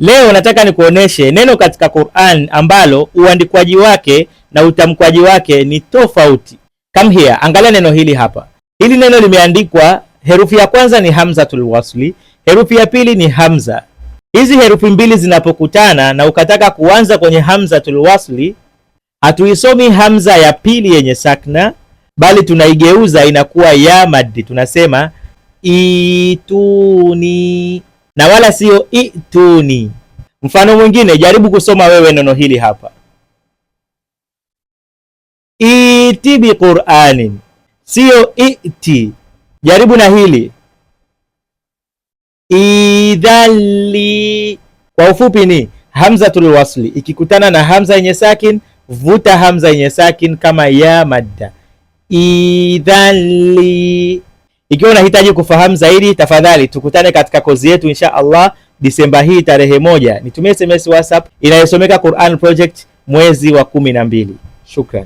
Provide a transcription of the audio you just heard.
Leo nataka nikuoneshe neno katika Qur'an ambalo uandikwaji wake na utamkwaji wake ni tofauti. Come here, angalia neno hili hapa. Hili neno limeandikwa, herufi ya kwanza ni hamzatul wasli, herufi ya pili ni hamza. Hizi herufi mbili zinapokutana na ukataka kuanza kwenye hamzatul wasli, hatuisomi hamza ya pili yenye sakna, bali tunaigeuza inakuwa ya maddi, tunasema ituni na wala siyo ituni. Mfano mwingine, jaribu kusoma wewe neno hili hapa, iti bi Qur'anin, siyo iti. Jaribu na hili idhali. Kwa ufupi ni hamzatul wasli ikikutana na hamza yenye sakin, vuta hamza yenye sakin kama ya madda idhali. Ikiwa unahitaji kufahamu zaidi, tafadhali tukutane katika kozi yetu insha Allah Disemba hii tarehe moja. Nitumie SMS WhatsApp inayosomeka Quran Project mwezi wa kumi na mbili. Shukran.